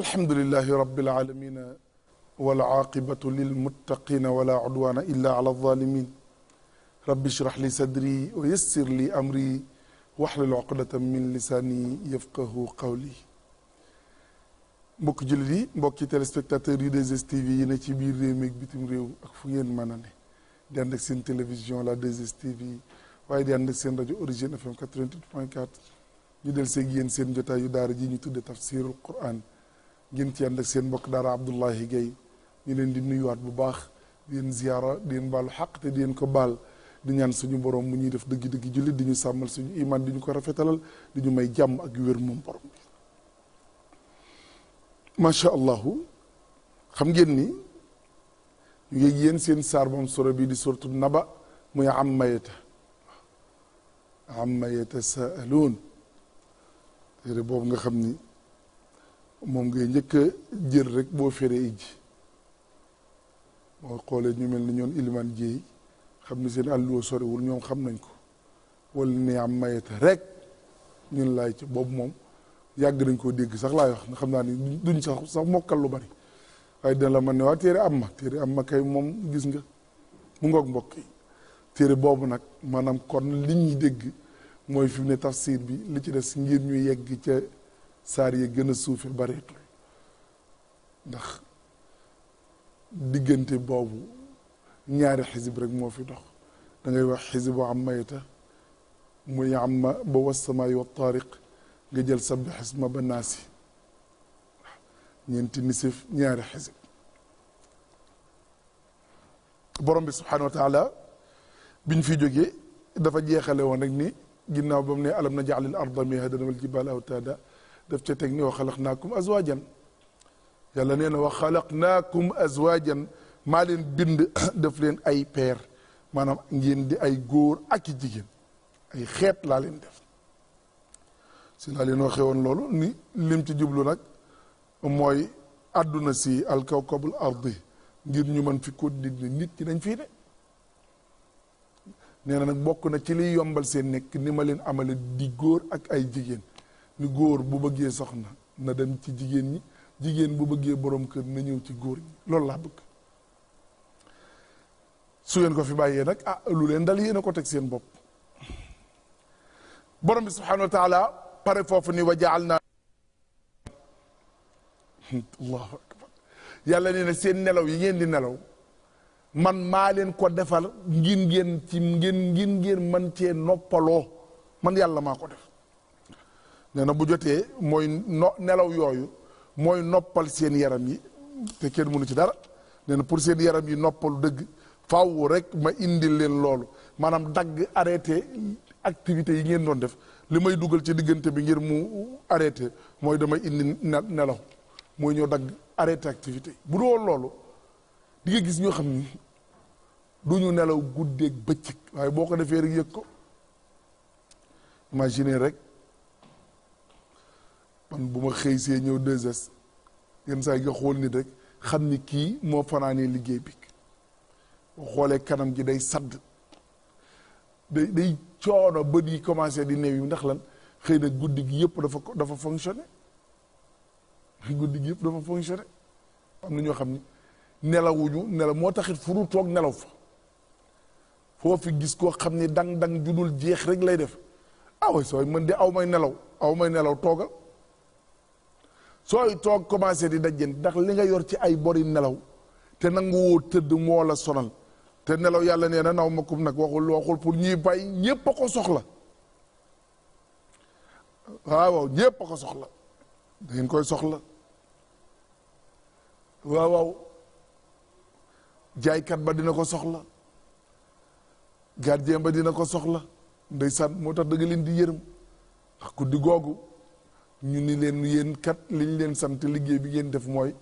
alhamdulilahi rabbil aalamiina wala aaqibatu lil muttaqiina wala udwaana illaa ala zaalimiin rabbi shrah li sadri wa yassir li amri waxlul uqdatan min lisaani yafqahu qawli mbokki jullit yi mbokki téléspectateurs yu des stv yi ne ci biir réew mi ak bitim réew ak fu ngeen mën a ne di ànd ak seen télévision la 2STV waaye di ànd ak seen rajo Origine FM 88.4 ñu del seeg yéen seen jotaay yu daar ji ñu tudde tafsirul Qur'an. ngeen ci ànd ak seen mbokk daara Abdoulaye Gaye ñu leen di nuyuwaat bu baax di leen ziyaara di leen baalu xaq te di leen ko baal di ñaan suñu boroom mu ñuy def dëgg-dëgg jullit di ñu sàmmal suñu iman di ñu ko rafetalal di ñu may jàmm ak wér moom borom macha allah xam ngeen ni ñu ngi yéen seen saar moom sura bi di suratu naba muy amma yata amma yatasaaluun téere boobu nga xam ni moom ngay njëkk a jël rek boo féree ijji moo xoolee ñu mel ni ñoon iliman jéey xam ni seen àlluwa soriwul ñoom xam nañ ko wal ni am mayete rek ñun laay ci boobu moom yàgg nañ koo dégg sax laay wax nga xam naa ni duñ sax sax mokkal lu bari waaye dina la man ne waa téere am ma téere am ma kay moom gis nga mu ngoog mbokk yi téere boobu nag maanaam kon li ñuy dégg mooy fi ne tafsir bi li ci des ngir ñu yegg ca saar yi gën a suufe bareetul ndax diggante boobu ñaari xisib rek moo fi dox da ngay wax xisibu ammayta muy amma ba wassamaay wa taariq nga jël sabbi xisma ba naasi ñeenti nisif ñaari xisib borom bi subhanahu wa taala biñ fi jógee dafa jeexale woon rek ni ginnaaw ba mu ne alam na jaalil arda mihadan wal jibala awtaada def ca teg wax ni wa xalaqnaakum azwaajan yàlla nee na wa xalaqnaakum azwaajan maa leen bind def leen ay peer maanaam ngeen di ay góor ak i jigéen ay xeet laa leen def si laa leen waxee woon loolu ni lim ci jublu nag mooy àdduna si alkawkabul ardi ngir ñu mën fi continuer nit ñi dañ fii de nee na nag bokk na ci liy yombal seen nekk ni ma leen amale di góor ak ay jigéen ni góor bu bëggee soxna na dem ci jigéen ñi jigéen bu bëggee borom kër na ñëw ci góor ñi loolu laa bëgg su ngeen ko fi bàyyee nag a ah, lu leen dal yéen a ko teg seen bopp borom bi subhanahu wa pare foofu ni wa jaal naa allahu akbar seen nelaw yi ngeen di nelaw man maa leen ko defal ngin ngeen ci ngeen ngin ngeen man cee noppaloo man yàlla maa ko def nee na bu jotee mooy no nelaw yooyu mooy noppal seen yaram yi te kenn mënu ci dara nee na pour seen yaram yi noppalu dëgg faaw rek ma indi leen loolu maanaam dagg arrêté activités yi ngeen doon def li may dugal ci diggante bi ngir mu arrêté mooy damay indi nelaw mooy ñëw dagg arrêté activité bu doon loolu di gis ñoo xam ni du ñu nelaw guddeeg bëccëg waaye boo ko defee rek yëg ko imagine rek man bu ma xëy see ñëw 2S yenn saa yi nga xool nit rek xam ni kii moo fanaanee liggéey bi boo xoolee kanam gi day sadd day day coono bët yi commencé di néew yi ndax lan xëy na guddi gi yëpp dafa dafa fonctionné guddi gi yëpp dafa fonctionné am na ñoo xam ni nelawuñu nelaw moo taxit furu toog nelaw fa foofu gis koo xam ni dang dang judul jeex rek lay def ah oui sooy mën di aw may nelaw awmay nelaw toogal. sooy toog commencé di dajjeen ndax li nga yor ci ay bori nelaw te nanguwoo tëdd moo la sonal te nelaw yàlla nee na naw makum nag waxul waxul pour ñuy bay ñépp ko soxla waaw waaw ko soxla da koy soxla waaw waaw jaaykat ba dina ko soxla gardien ba dina ko soxla ndeysaan moo tax da leen di yërëm ak guddi googu ñu ni leen yéen kat liñ leen sant liggéey bi ngeen def mooy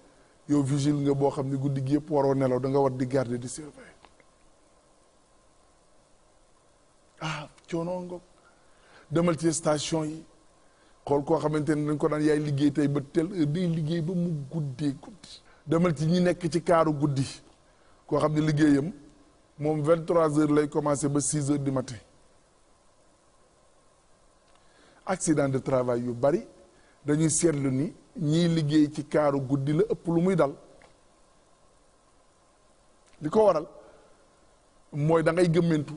yow vigile nga boo xam ne guddi gi yëpp waroo nelaw danga nga war di garder di surveiller ah coono ngoog demal ci station yi xool koo xamante ne dañ ko daan yaay liggéey tey ba tel heure day liggéey ba mu guddee guddi demal ci ñi nekk ci kaaru guddi koo xam ne liggéeyam moom vingt trois heures lay commencé ba six heures du matin accident de travail yu bari dañuy seetlu ni ñiy liggéey ci kaaru guddi la ëpp lu muy dal li ko waral mooy dangay ngay gëmmentu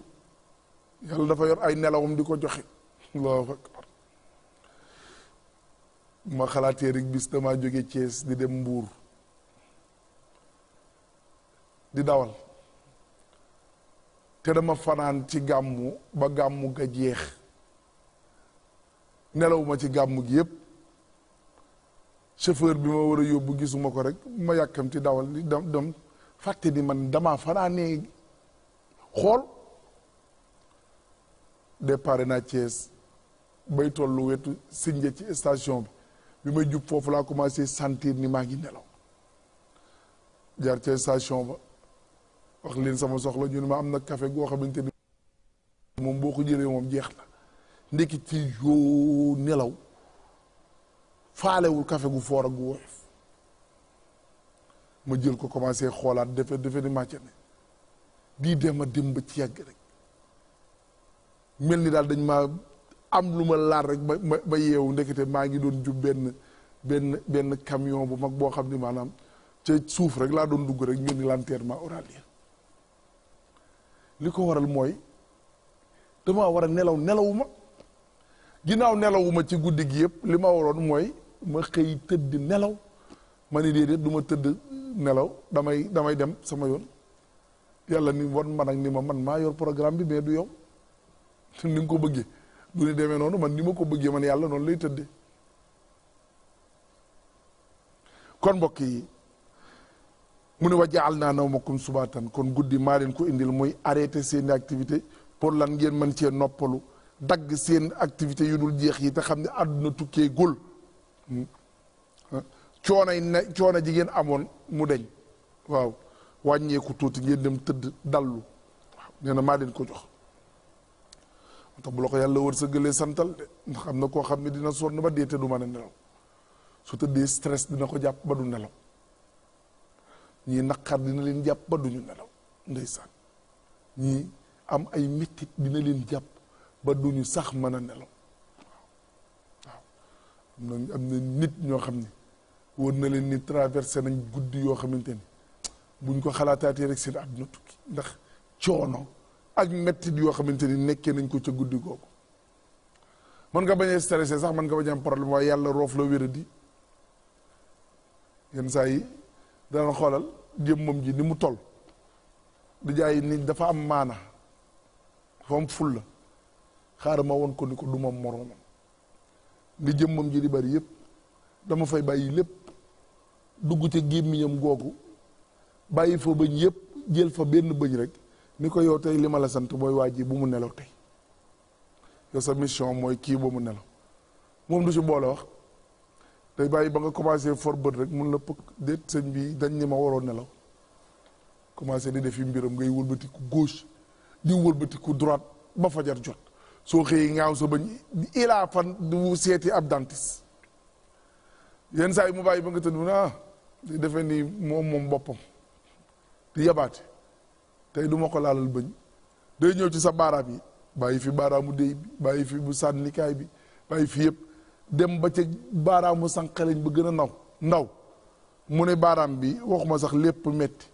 yàlla dafa yor ay nelawam di ko joxe allahu akbar ma xalaatee rek bis damaa jóge Thiès di dem Mbuur di dawal te dama fanaan ci gàmmu ba gàmmu ga jeex nelawuma ci gàmmu gi yépp chauffeur bi ma war a yóbbu gisuma ko rek ma yàkkamti dawal di dem dem fàtte ni man damaa fanaanee xool départ naa Thiès bay tollu wetu Sindia ci station bi bi may jub foofu laa commencé santir ni maa ngi nelaw jar ca station ba wax leen sama soxla ñu ma am na kafe goo xamante ni moom boo ko jëlee moom jeex na ndekki ci yoo nelaw faalewul kafe gu foora gu woyof ma jël ko commencé xoolaat defe defe ni màcce ne bii dem a dem ba ci yàgg rek mel ni daal dañ ma am lu ma laar rek ba ma ba yeewu ndekete maa ngi doon jub benn benn benn camion bu mag boo xam ni maanaam ca suuf rek laa doon dugg rek ñu ni l'enterrement oral li ko waral mooy damaa war a nelaw nelawuma ginnaaw nelawuma ci guddi gi yëpp li ma waroon mooy ma xëy tëdd nelaw ma ni déedéet du ma tëdd nelaw damay damay dem sama yoon yàlla ni wan man ak ni ma man maa yor programme bi mais du yow ni nga ko bëggee du ni demee noonu man ni ma ko bëggee man yàlla noonu lay tëddee kon mbokk yi mu ne wa jaal naa nawmakum subaatan kon guddi maa leen ko indil muy arrêté seen activité pour lan ngeen mën cee noppalu dagg seen activité yu dul jeex yi te xam ne àdduna tukkee gul coono yi ne coono ji ngeen amoon mu deñ waaw wàññeeku tuuti ngeen dem tëdd dallu waaw nee na maa leen ko jox tax bu la ko yàlla wër sa gëlee santal de ndax am na koo xam ne dina sonn ba dee te du mën a nelaw su tëddee stress dina ko jàpp ba du nelaw ñii naqar dina leen jàpp ba duñu nelaw ndeysaan ñii am ay mettit dina leen jàpp ba duñu sax mën a nelaw am na am nit ñoo xam ne wóor na leen ni traversé nañ guddi yoo xamante ni buñ ko xalaataatee rek seen àdduna tukki ndax coono ak mettit yoo xamante ni nekkee nañ ko ca guddi googu mën nga bañ a sax mën nga bañ am problème waaye yàlla roof la wéradi yenn saa yi dana xoolal jëmmam ji ni mu toll di jaay nit dafa am maana dafa am fulla xaaral ma woon ko ni ko du ma moroomam li jëmmam ji di bari yëpp dama fay bàyyi lépp dugg ci gémmiñam googu bàyyi fa bëñ yëpp jël fa benn bëñ rek ni ko yow tey li ma la sant mooy waa ji bu mu nelaw tey yow sa mission mooy kii bu mu nelaw moom du si boole wax day bàyyi ba nga commencé for bët rek mun la pëkk déet sëñ bi dañ ni ma waroo nelaw commencé di def yi mbiram ngay wëlbatiku gauche di wëlbatiku droite ba fajar jot soo xëyee ngaaw sa bañ ilaa fan du seeti ab dentiste yenn saa yi mu bàyyi ba nga tëdd ah di defee nii moom moom boppam di yabaate tey du ko laalal bëñ day ñëw ci sa baaraam yi bàyyi fi baaraamu déy bi bàyyi fi bu sànnikaay bi bàyyi fi yëpp dem ba ca baaraamu sànqaleñ ba gën a naw ndaw mu ne baaraam bi waxuma sax lépp metti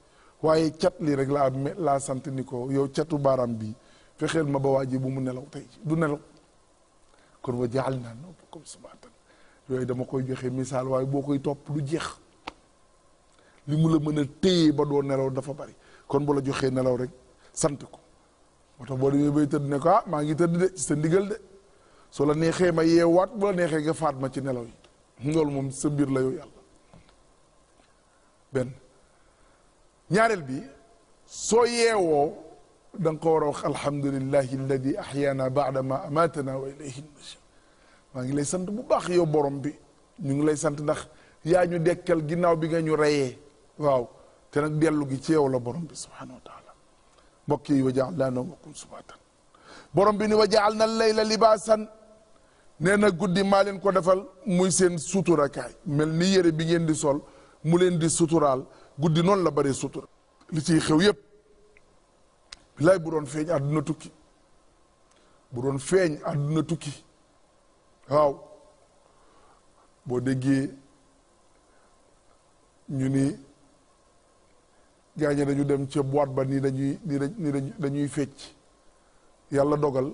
waaye cat lii rek laa laa sant ko yow catu baaraam bi fexeel ma ba waa ji bu mu nelaw tey du nelaw kon wa jaal naa noonu comme subaatan yooyu dama koy joxee misaal waaye boo koy topp lu jeex li mu la mën a téye ba doo nelaw dafa bari kon bu la joxee nelaw rek sant ko moo tax boo demee bay tëdd ne ah maa ngi tëdd de sa ndigal de soo la neexee ma yeewaat boo la neexee nga faat ma ci nelaw yi loolu moom sa mbir la yow yàlla benn ñaareel bi soo yeewoo da nga ko war a wax alhamdulillahi alladi ahyaana baada ma amatana wa ilayhi nasha maa ngi lay sant bu baax yow borom bi ñu ngi lay sant ndax yaa ñu dekkal ginnaaw bi nga ñu reyee waaw te nag dellu gi ci yow la borom bi subhanahu wa taala mbokk yi wa jaal naa nawmakum subaatan borom bi ni wa jaal na layla libaasan nee na guddi maa leen ko defal muy seen suturakaay mel ni yére bi ngeen di sol mu leen di suturaal guddi noonu la bare sutura li ciy xew yépp bilaay bu doon feeñ àdduna tukki bu doon feeñ àdduna tukki waaw boo déggee ñu ni gaañe dañu dem ca boîte ba nii dañuy nii dañuy fecc yàlla dogal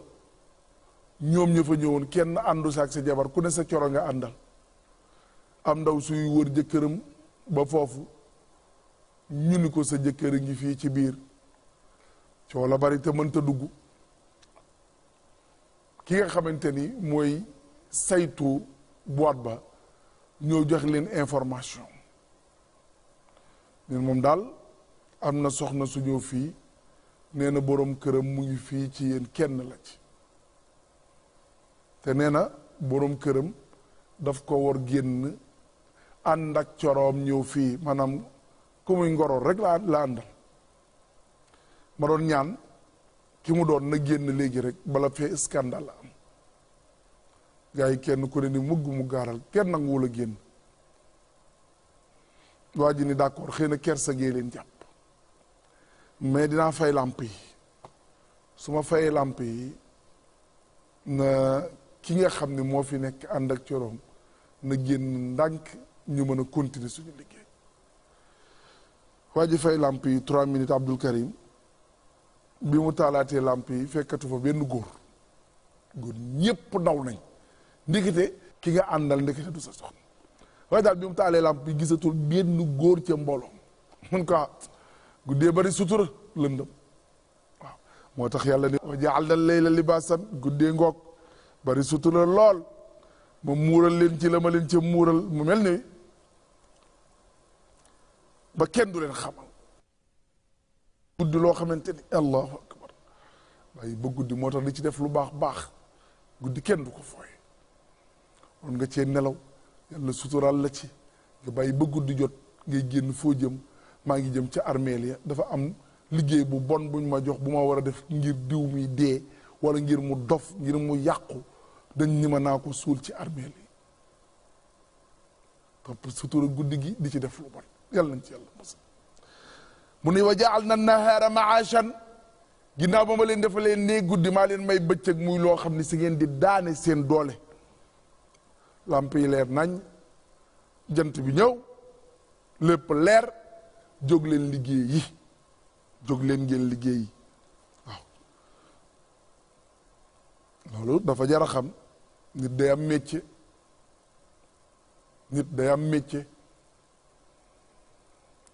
ñoom ña fa ñëwoon kenn àndu saak sa jabar ku ne sa coro nga àndal am ndaw suy wër jëkkëram ba foofu ñu ni ko sa jëkkër a ngi fii ci biir coow la bari te mënta dugg ki nga xamante ni mooy saytu boîte ba ñoo jox leen information moom daal am na soxna su ñëw fii nee na boroom këram mu ngi fii ci yéen kenn la ci te nee na boroom këram daf ko war génn ànd ak coroom ñëw fii maanaam ku muy ngoroor rek la la ma doon ñaan ki mu doon na génn léegi rek bala fee scandale am gars yi kenn ku ne ni mugg mu gaaral kenn nanguwul a génn waa ji ni d'accord xëy na kersa gee leen jàpp mais dinaa fay làmp yi su ma fayee làmp yi na ki nga xam ne moo fi nekk ànd ak coroom na génn ndànk ñu mën a continuer suñu liggéey waa ji fay làmp yi trois minutes Abdul Karim bi mu taalaatee làmp yi fekkatu fa benn góor góor ñépp daw nañ ndikite ki nga àndal ndikite du sa soxna waaye daal bi mu taalee làmp yi gisatul benn góor ca mbooloo mun ko ah, guddee bari sutura lëndëm moo tax yàlla ne wa jaalna layla libaasan guddee ngoog bari sutura lool ma muural leen ci la ma leen ca muural mu mel ni ba kenn du leen xamal guddi loo xamante ni allahu akbar waaye ba guddi moo tax li ci def lu baax baax guddi kenn du ko fooy mën nga cee nelaw yàlla suturaal la ci nga bàyyi ba guddi jot ngay génn foo jëm maa ngi jëm ci armeel yi dafa am liggéey bu bon buñ ma jox bu ma war a def ngir diw mi dee wala ngir mu dof ngir mu yàqu dañ ni ma naa ko suul ci armeel yi topp sutura guddi gi di ci def lu bon yàlla nañ ci yàlla mos mu ne wa jaal na nahaara maashan ginnaaw ba ma leen defalee nee guddi maa leen may bëccëg muy loo xam ne si ngeen di daane seen doole làmp leer nañ jant bi ñëw lépp leer jóg leen liggéey yi jóg leen ngeen liggéey waaw dafa jar a xam nit day am métier nit day am métier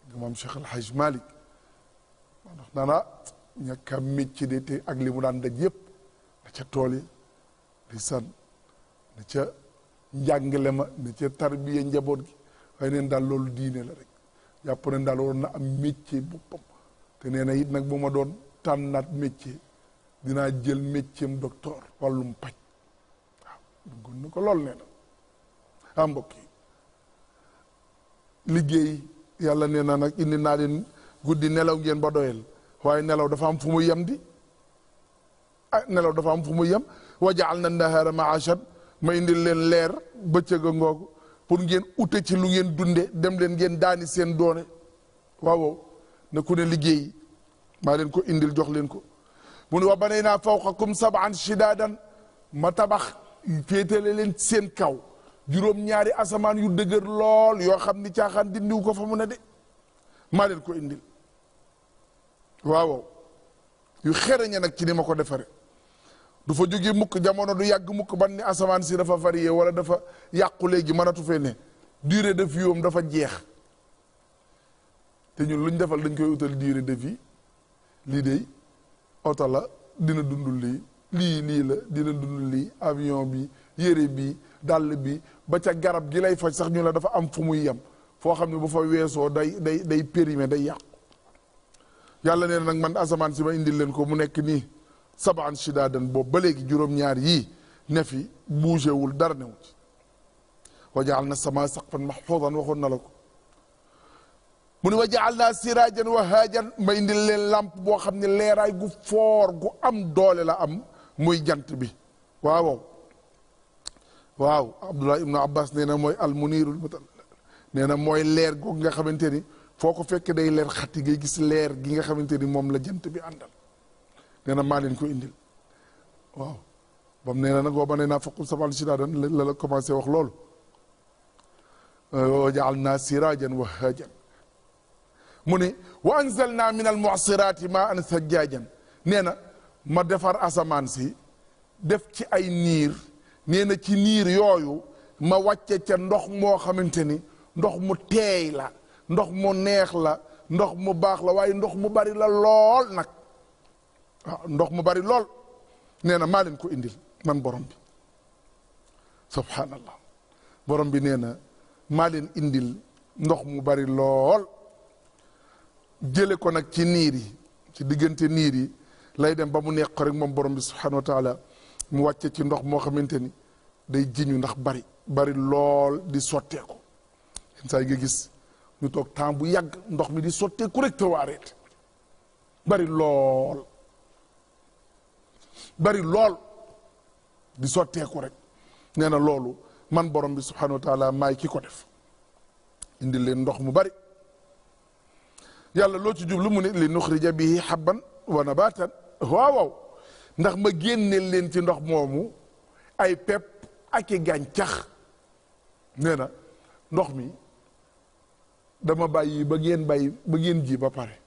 nga maam Cheikh El ndax dana ñàkk a de te ak li mu daan daj yépp na ca tool yi di san na ca ma na ca tarbiya njaboot gi waaye neen daal loolu diine la rek jàpp ne daal waroon na am métier boppam te nee na it nag bu ma doon tànnaat métier dinaa jël métier am docteur wàllum paj waaw na ko lool nee na ah, liggéey yàlla nee na nag indi naa leen guddi nelaw ngeen ba doyal waaye nelaw dafa am fu muy yem di ah nelaw dafa am fu muy yem wa jaal na nahaara maashan ma indil leen leer bëccëg a ngoogu pour ngeen ute ci lu ngeen dunde dem leen ngeen daani seen doone waaw na ku ne liggéey maa leen ko indil jox leen ko mu ne wa banay naa fawqakum saban shidaadan ma tabax féetale leen seen kaw juróom ñaari asamaan yu dëgër lool yoo xam ni caaxaan dindiw ko fa mu ne de maa leen ko indil waaw yu xereñe nag ci ni ma ko defaree du fa jóge mukk jamono du yàgg mukk ban ni asamaan si dafa varié wala dafa yàqu léegi mënatu fee ne durée de vie dafa jeex te ñun luñ defal dañ koy utal diire de vie lii de oto la dina dund lii lii lii la dina dund lii avion bi yére bi dàll bi ba ca garab gi lay faj sax ñu la dafa am fu muy yem foo xam ne bu fa weesoo day day day périmé day yàqu yàlla nee nag man asamaan si ma indil leen ko mu nekk nii sabaan shidaadan boobu ba léegi juróom-ñaar yii ne fi bougé wul dara new ci wa na na sama saqfan mahfuudan waxoon na la ko mu ne wa jaal naa siraajan wa haajan ma indil leen làmp boo xam ne leeraay gu foor gu am doole la am muy jant bi waaw waaw Abdullah ibnu Abbas nee na mooy almuniirul mutal nee na mooy leer googu nga xamante ni foo ko fekkee day leer xati ngay gis leer gi nga xamante ni moom la jant bi àndal nee na maa leen ko indil waaw bam nee na nag booba nee naa faqul saman sidaadan la la commencé wax loolu wa naa sirajan wa hajan mu ne wa anzalna min al mu'sirati ma an sajjajan nee na ma defar asamaan si def ci ay niir nee ci niir yooyu ma wàcce ca ndox moo xamante ni ndox mu teey la ndox mu neex la ndox mu baax la waaye ndox mu bari la lool nag ah, ndox mu bari lool nee na maa ko indil man borom bi subhanallah borom bi nee na maa indil ndox mu bari lool jële ko nag ci niir yi ci diggante niir yi lay dem ba mu neex ko rek moom borom bi subhanahu wa mu wàcce ci ndox moo xamante ni day jiñu ndax bari bari lool di sottee ko yenn saa yi nga gis ñu toog temps bu yàgg ndox mi di sotteeku rek waa arrêté bari lool bari lool di sotteeku rek nee na loolu man borom bi subhanahu wa taala maay ki ko def indi leen ndox mu bari yàlla loo ci jublu mu ne li nuxrija bihi xabban wana nabatan waaw waaw ndax ma génne leen ci ndox moomu ay pepp ak i gàncax nee na ndox mi dama bàyyi ba ngeen bàyyi ba ngeen ji ba pare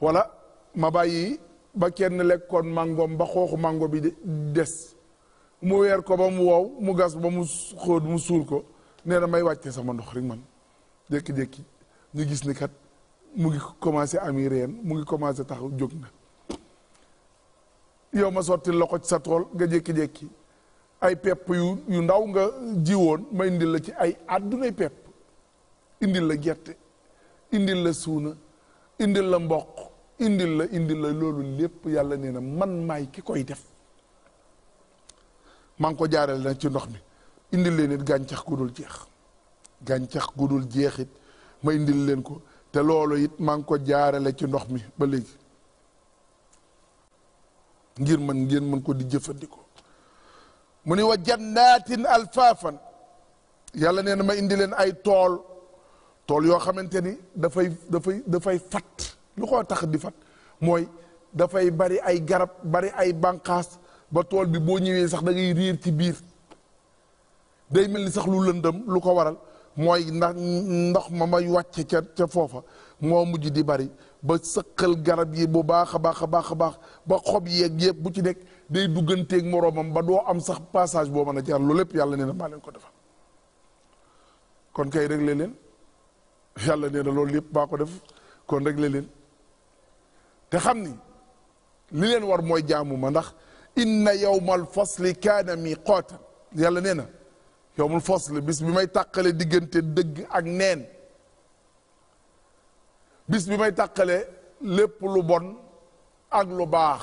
wala ma bàyyi ba kenn lekkoon màngoom ba xooxu màngo bi des mu weer ko ba mu wow mu gas ba mu xóot mu suul ko nee na may wàcce sama ndox rek man jékki-jékki ñu gis ni kat mu ngi commencé ami reen mu ngi commencé taxaw jóg na yow ma sotti loxo ci sa tool nga jékki-jékki ay pepp yu yu ndaw nga jiwoon ma indi la ci ay àddunay pepp indil la gerte indil la suuna indil la mboq indil la indil la loolu lépp yàlla nee man maay ki koy def maa ngi ko jaarale nag ci ndox mi indil leen it gàncax gu dul jeex gàncax gu jeexit jeex it ma indil leen ko te loolu it maa ngi ko jaarale ci ndox mi ba léegi ngir man ngeen mën ko di jëfandikoo mu ni wa jannaatin alfaafan yàlla nee na ma indi leen ay tool tool yoo xamante ni dafay dafay dafay fat lu ko tax di fat mooy dafay bari ay garab bari ay banqaas ba tool bi boo ñëwee sax da ngay riir ci biir day mel ni sax lu lëndëm lu ko waral mooy ndax ndox ma may wàcce ca ca foofa moo mujj di bari ba sëqal garab yi bu baax a baax a baax a baax ba xob yeeg yëpp bu ci nekk day dugganteeg moroomam ba doo am sax passage boo mën a jaar loolu lépp yàlla nee na maa leen ko defal kon kay réglé leen yàlla nee na loolu lépp maa ko def kon rek la leen te xam ni li leen war mooy jaamu ma ndax inna yawmal fasli kaana miqaatan yàlla nee na yawmul fasli bis bi may tàqale diggante dëgg ak neen bis bi may tàqale lépp lu bon ak lu baax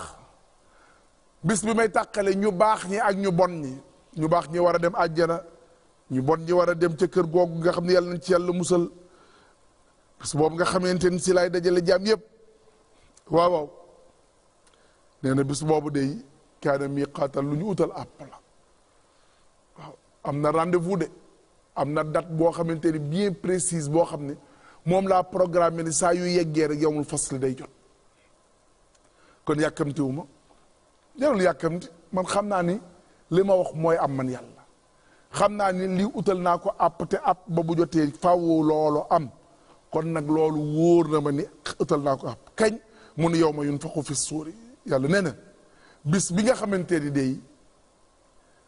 bis bi may tàqale ñu baax ñi ak ñu bon ñi ñu baax ñi war a dem àjjana ñu bon ñi war a dem ca kër googu nga xam ne yàlla nañ ci yàlla musal bis boobu nga xamante ni si lay dajale jaam yépp waaw waaw nee na bis boobu day kaana miqaatal lu ñu utal àpp la waaw am na rendez-vous de am na date boo xamante ni bien précise boo xam ne moom laa programme ni saa yu yeggee rek yowmul fasli day jot kon yàkkamtiwu ma jarul yàkkamti man xam naa ni li ma wax mooy am man yàlla xam naa ni lii utal naa ko àpp te àpp ba bu jotee faaw loolu am kon nag loolu wóor na ma ni utal naa ko ab kañ mun yow ma yun faxu fi suuri yàlla nee na bis bi nga xamante ni day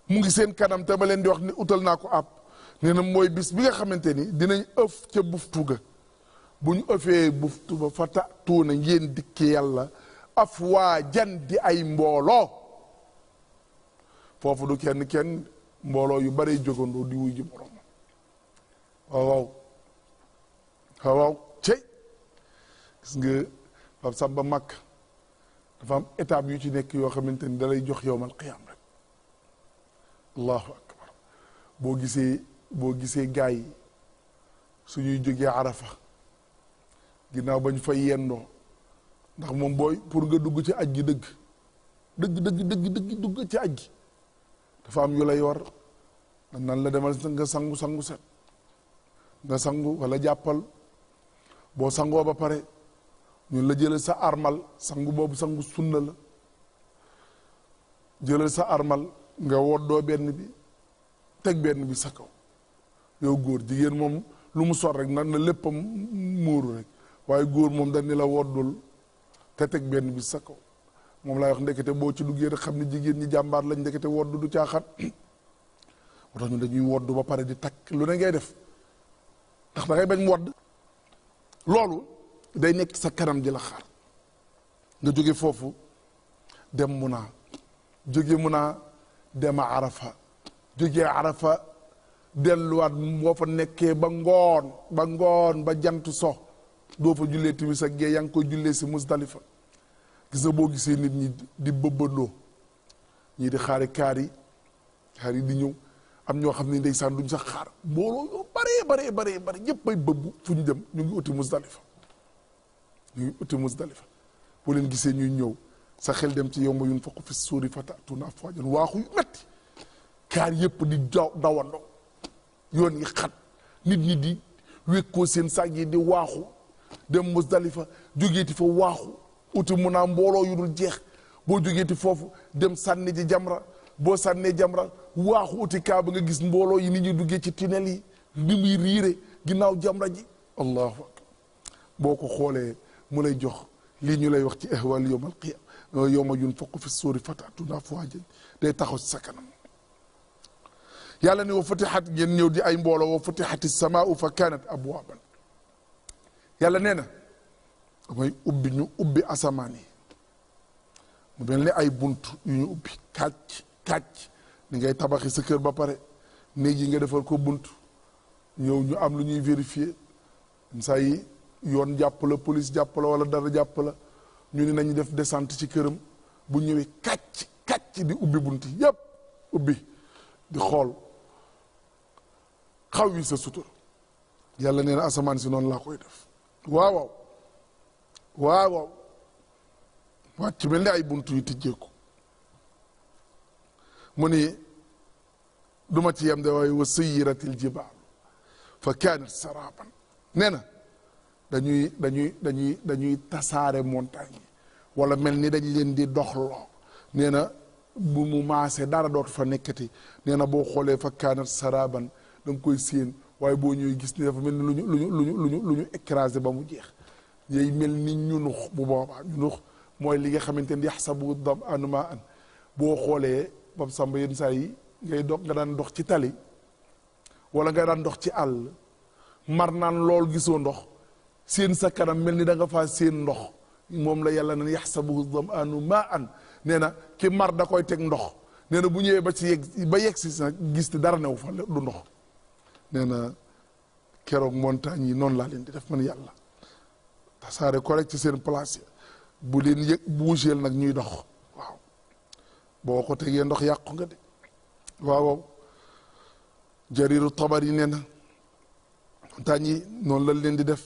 mu ngi seen kanam te ma leen di wax ni utal naa ko ab nee na mooy bis bi nga xamante ni dinañ ëf ca buftu ga bu ñu ëfee buftu ba fa ta tuuna ngeen dikki yàlla af waa jan di ay mbooloo foofu du kenn kenn mbooloo yu bare jógandoo di wuy ji borom waaw waaw waaw waaw gis nga Pape Samba Màkk dafa am étape yu ci nekk yoo xamante ni dalay jox yowmal qiyaam rek allahu akbar boo gisee boo gisee gaay yi suñuy jógee arafa ginnaaw bañ fay yendoo ndax moom booy pour nga dugg ci aj gi dëgg dëgg dëgg dëgg dugg ci ajj dafa am yu lay war nan la demal nga sangu sangu set nga sangu walla jàppal boo sangoo ba pare ñun la jëlal sa armal sangu boobu sangu sunna la jëlal sa armal nga woddoo benn bi teg benn bi sa kaw yow góor jigéen moom lu mu sor rek na na léppam muuru rek waaye góor moom dañ ni la woddul te teg benn bi sa kaw moom laay wax ndekete boo ci duggee rek xam ne jigéen ñi jàmbaar lañ ndekete wodd du caaxaan moo tax ñun dañuy woddu ba pare di takk lu ne ngay def ndax da ngay bañ wodd loolu day nekk sa kanam di la xaar nga jóge foofu dem Muna jóge Muna dem Arafa jóge Arafa delluwaat boo fa nekkee ba ngoon ba ngoon ba jant so doo fa jullee timis ak gee yaa jullee si mustalifa gis nga boo gisee nit ñi di bëbbandoo ñii di xaari kaar yi di ñëw am ñoo xam ne ndeysaan duñ sax xaar mbooloo yoo baree baree bare ñëpp bay bëbbu fu ñu dem ñu ngi uti musdalifa ñu uti musdalifa boo leen gisee ñuy ñëw sa xel dem ci yomb yun faqu fi suuri fatatuna afwajan waaxu yu metti kaar yëpp di yoon yi xat nit ñi di wékkoo seen sàg yi di waaxu dem musdalifa jógeeti fa waaxu uti mun naa mbooloo yu dul jeex boo ti foofu dem sànni ji jamra boo sànnee jamra waaxu uti kaaba nga gis mbooloo yi ni ñuy duggee ci tunnel yi ni muy riire ginnaaw jamba ji allahu akbar boo ko xoolee mu lay jox lii ñu lay wax ci ahwal yowm al qiyam yowma yunfaqu fi sóori fataatuna afwaajan day taxaw ci sa kanam yàlla ne wa futihat ñëw di ay mbooloo wa futihat samaau fa kanat abwaaban yàlla nee na damay ubbi ñu ubbi asamaan yi mu mel ni ay bunt yu ñu ubbi kàcc kàcc ni ngay tabaxi sa kër ba pare néeg yi nga defal ko bunt ñëw ñu am lu ñuy vérifier saa yoon jàpp la police jàpp la wala dara jàpp la ñu ne nañu def descente ci këram bu ñëwee kàcc kàcc di ubbi bunt yépp ubbi di xool xaw yi sa sutur yàlla nee na asamaan si noon laa koy def waaw waaw waaw waaw wàcc mel ni ay bunt yu tijjeeku mu ni duma ci yem de waaye wa sayiratil jibaal fa kaanat saraban nee na dañuy dañuy dañuy dañuy tasaare montagne yi wala mel ni dañ leen di doxloo nee na bu mu maasee dara dootu fa nekkati nee na boo xoolee fa kaanat saraaban da koy séen waaye boo ñuy gis ni dafa mel ni lu ñu lu ñu lu lu ñu lu ba mu jeex yay mel ni ñunux bu boobaa ñunux mooy li nga xamante ni yaxsabu dam anu maa an boo xoolee Pape Samba yenn saa yi ngay dox nga daan dox ci tali wala nga daan dox ci àll mar naan lool gisoo ndox seen sa kanam mel ni danga fa seen ndox moom la yàlla na yaxsabuhu damaanu maa an nee na ki mar da koy teg ndox nee na bu ñëwee ba ci yegg ba yegg si nag gis te dara new fa du ndox nee na keroog montagne yi noonu laa leen di def man yàlla tasaare ko ci seen place bu leen yëg buuseel nag ñuy dox boo ko tegee ndox yàqu nga de waaw jariru tabar yi nee na montagne yi noonu lañ leen di def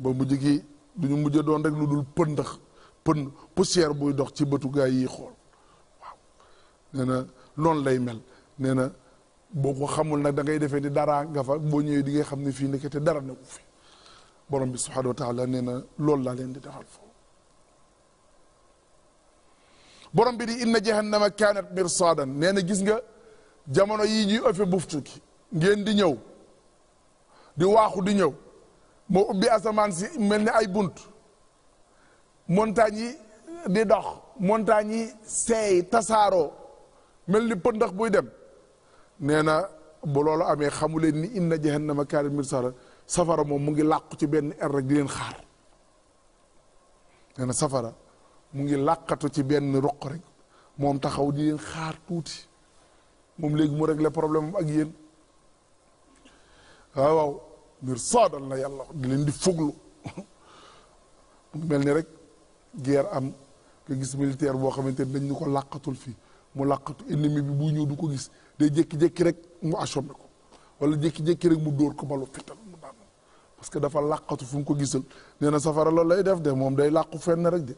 ba mujj gi du ñu mujj doon rek lu dul pëndax pën poussière buy dox ci bëtu gaay yi xool waaw nee na lay mel nee na boo ko xamul nag da ngay defee ni dara nga fa boo ñëwee di nga xam ne fii nekkete dara newu fi borom bi subhanahu wa taala nee na loolu laa leen di defal foofu borom bi di inna jahannama kaanat mirsaadan nee na gis nga jamono yii ñuy ëffe buftu ki ngeen di ñëw di waaxu di ñëw moo ubbi asamaan si mel ni ay bunt montagne yi di dox montagne yi seey tasaaroo mel ni pëndax buy dem nee na bu loolu amee xamu leen ni inna jahannama kaanat mirsaadan safara moom mu ngi làqu ci benn er rek di leen xaar nee safara mu ngi làqatu ci benn roq rek moom taxaw di leen xaar tuuti moom léegi mu régler problème ak yéen waaw waaw ngir soodal na yàlla di leen di fuglu mu mel ni rek guerre am nga gis militaire boo xamante ni dañ ñu ko làqatul fii mu làqatu ennemi bi bu ñëw du ko gis day jékki-jékki rek mu assommé ko walla jëkki jékki rek mu dóor ko balu fital mu daan parce que dafa làqatu fu ko gisal nee na safara loolu lay def de moom day làqu fenn rek de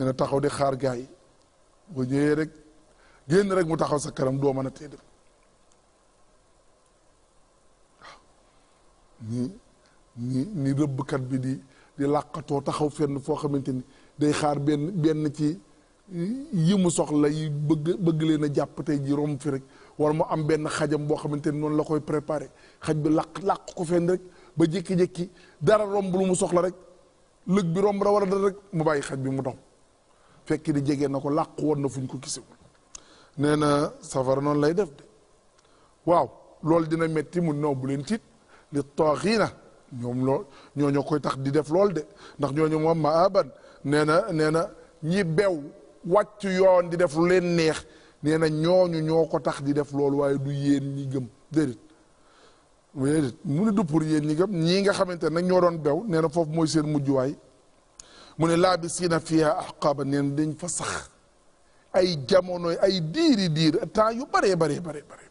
nee na taxaw di xaar gars yi bu ñëwee rek génn rek mu taxaw sa kanam doo mën a tee dem ni ni ni rëbbkat bi di di làqatoo taxaw fenn foo xamante ni day xaar benn benn ci yi mu soxla yi bëgg bëgg leen a jàpp tey ji romb fi rek wala mu am benn xajam boo xamante ni noonu la koy préparé xaj bi làq làq ko fenn rek ba jékki-jékki dara romb lu mu soxla rek lëg bi romb la wala dara rek mu bàyyi xaj bi mu dox fekk ni jege na ko làq woon na fu ñu ko gisewul nee na safara noonu lay def de waaw loolu dina metti mun naw bu leen tiit li taaxiina ñoom lool ñooñu koy tax di def lool de ndax ñooñu moom ma aban nee na nee na ñi bew wàcc yoon di def leen neex nee na ñooñu ñoo ko tax di def loolu waaye du yéen ñi gëm déedéet déedéet mu ne du pour yéen ñi gëm ñii nga xamante nag ñoo doon bew nee na foofu mooy seen mujjuwaay mu ne laa bi siina fiha ahqaaba neen dañ fa sax ay jamono ay diiri diir temps yu baree baree baree bare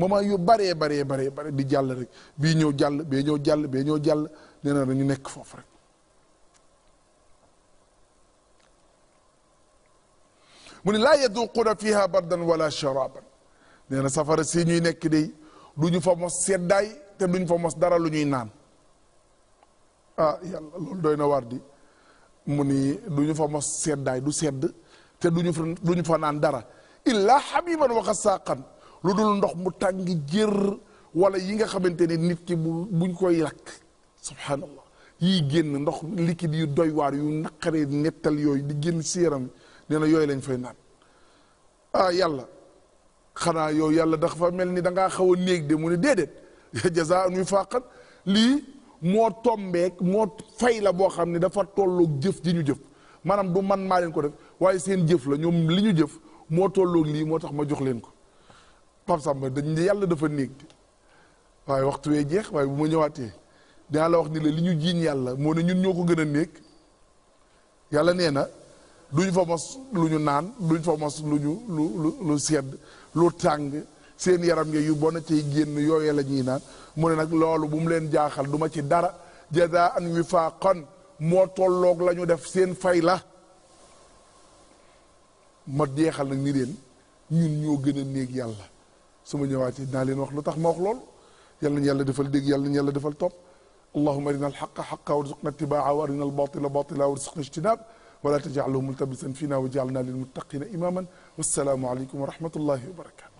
moment yu baree baree baree bare di jàll rek bii ñëw jàll bee ñëw jàll bee ñëw jàll nee na dañu nekk foofu rek mu ne laa yaduquuna fiha bardan wala sharaban nee safara si ñuy nekk day du ñu fa mos seddaay te duñ fa mos dara lu ñuy naan ah yàlla loolu doy na war di mu ni du ñu fa mos seddaay du sedd te duñu fa du ñu fa naan dara illaa xamiman waxa saaqan lu dul ndox mu tàng jër wala yi nga xamante ni nit ki bu buñ koy rakk subhaanallah yii génn ndox likit yu doy waar yu naqaree nettal yooyu di génn si yaram nee na yooyu lañ fay naan ah yàlla xanaa yow yàlla dafa mel ni da ngaa xaw a néeg de mu ne déedéet jaza an wifaqan lii moo tombeek moo fay la boo xam ne dafa tolloog jëf ji ñu jëf maanaam du man maa ko def waaye seen jëf la ñoom li ñu jëf moo tolloog lii moo tax ma jox leen ko Pape Samba dañ yàlla dafa néeg waaye waxtu wee jeex waaye bu ma ñëwaatee dinaa la wax ni la li ñu jiiñ yàlla moo ne ñun ñoo ko gën a néeg yàlla nee na duñ fa mos lu ñu naan duñ fa mos lu ñu lu lu sedd lu tàng seen yaram nga yu bon ciy génn yooye la ñuy naan mu ne nag loolu bu mu leen jaaxal du ma ci dara jazaan wifaaqan moo tolloog lañu def seen fay la ma jeexal nag ni leen ñun ñoo gën a néeg yàlla su ma ñëwaatee dinaa leen wax lu tax ma wax loolu yàlla ñu yàlla defal dégg yàlla ñu yàlla defal topp allahuma arina alxaqa xaqa warzuqna itibaa wa arina albatila batila warzuqna ijtinaab wala tajalhu multabisan fina wa jaalna lilmuttaqina imaman wassalaamu aleykum wa rahmatullahi wa barakatu